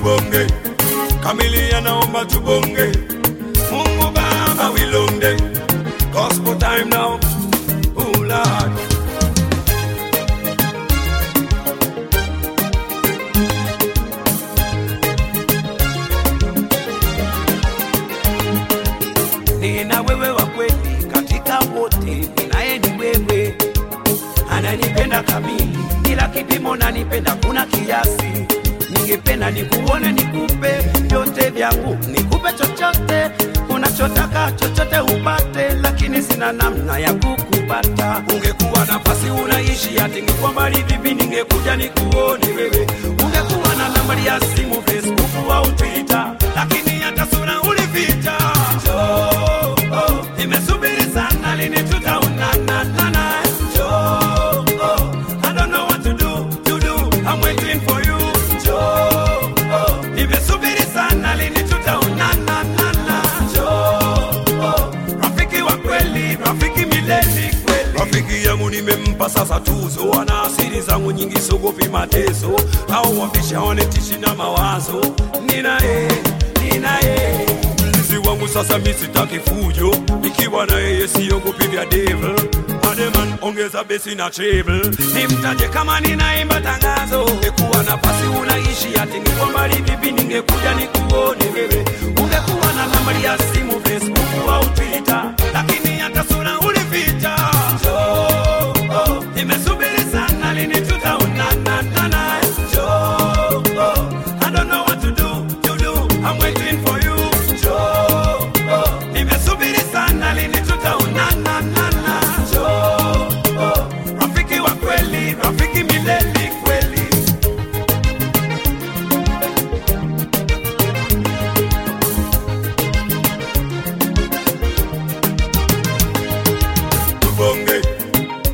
tubonge, kamili anaomba tubonge, Mungu Baba wilonde, gospel time now, wewe kamili, kila kipimo, nanipenda kuna kiasi ningependa nikuone, nikupe vyote vyangu, nikupe chochote unachotaka, chochote upate, lakini sina namna ya kukupata. Ungekuwa nafasi unaishi, atingekuwa mbali vipi, ningekuja nikuone wewe wanipa sasa tuzo, wana asili zangu nyingi sugu vimateso, au wafisha wanitishi na mawazo. Nina yeye, nina yeye mlinzi wangu sasa, mimi sitaki fujo, nikiwa na yeye siogopi vya devil. Ademan, ongeza besi na treble, nimtaje kama ninaimba tangazo, ekuwa nafasi unaishi, ati niko mbali vipi, ningekuja nikuone wewe, ungekuwa na nambari ya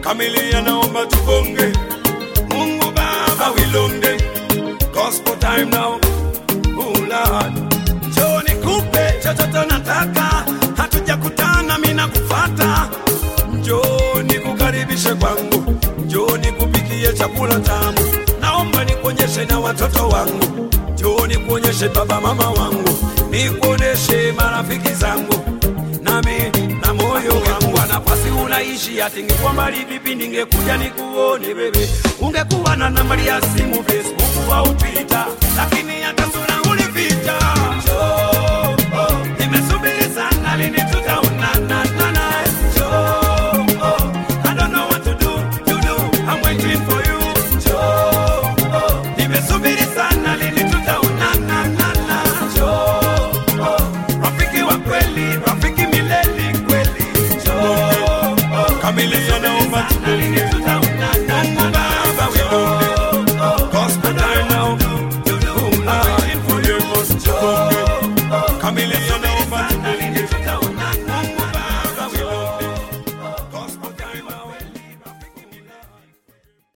Familia naomba tufunge, Mungu Baba wilonde, gospel time now, oh Lord, njoo nikupe chochote nataka, hatujakutana mina kufata njoo nikukaribishe kwangu, njoo nikupikie chakula tamu, naomba nikuonyeshe na watoto wangu, njoo nikuonyeshe baba mama wangu, nikuonyeshe marafiki zangu mapishi ati ngekuwa mali vipi ningekuja nikuone wewe, ungekuwa na nambari ya simu Facebook au Twitter, lakini hata sura ulificha. na, na,